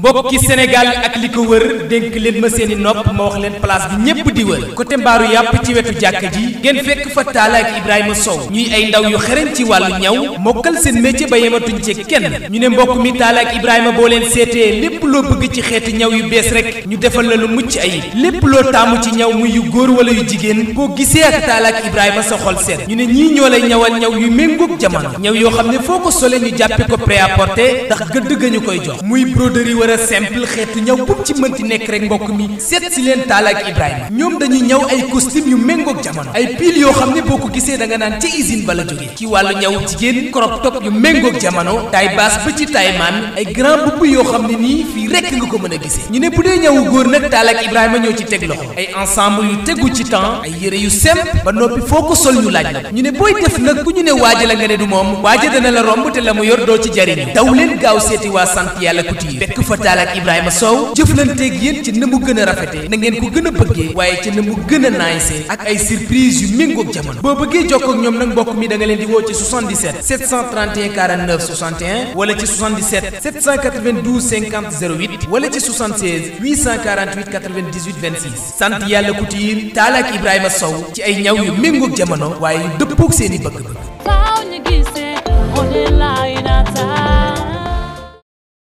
mbokki Sénégal ak li ko wër dénk leen ma seeni nopp ma wax leen place bi ñépp di wër côté mbaaru yàpp ci wetu jàkka ji ngeen fekk fa Talla ak Ibrahima Sow ñuy ay ndaw yu xereñ ci wàllu ñaw mokkal seen métier ba yematuñ ci kenn ñu ne mbokk mi Talla ak Ibrahima boo leen seetee lépp loo bëgg ci xeeti ñaw yu bees rek ñu defal la lu mucc ayib lépp loo taamu ci ñaw muy yu góor wala yu jigéen boo gisee ak Talla ak Ibrahima sa xol seet ñu ne ñii ñoo lay ñawal ñaw yu méngoog jamono yoo xam ne foo ko sole ñu ko prêt couleur simple xeetu ñaw bu ci mënti nekk rek mbokk mi seet si leen Talla ak Ibrahima ñoom dañuy ñaw ay wàllu ñaw jigéen crop top yu méngoog jamono taay baas ba ci taay maan ay grand bubb yoo xam ne nii fii rekk nga ko mën a gisee ñu ne bu dee ñawu góor nag Talla Ibrahima ñoo ci teg loxo ay ensemble yu tegu ci temps ay yére yu sem ba noppi foo ko sol ñu laaj la ñu ne booy def nag ku ñu ne waaja la nga ne du moom waaja dana la romb te la mu yor ci jariñ daw leen gaaw seeti waa sant yàlla couture fekk fa Tall ak Ibrahima Sow jëflanteeg yéen ci na mu gën a rafete na ngeen ko gën a bëggee waaye ci na mu gën a naayse ak ay surprise yu méngoog jamono boo bëggee jokkoo ak ñoom nag mbokk mi da leen di woo ci 77 ci sant yàlla Couture Tall Ibrahima Sow ci ay ñaw yu méngoog jamono waaye yu dëppoog seen bëgg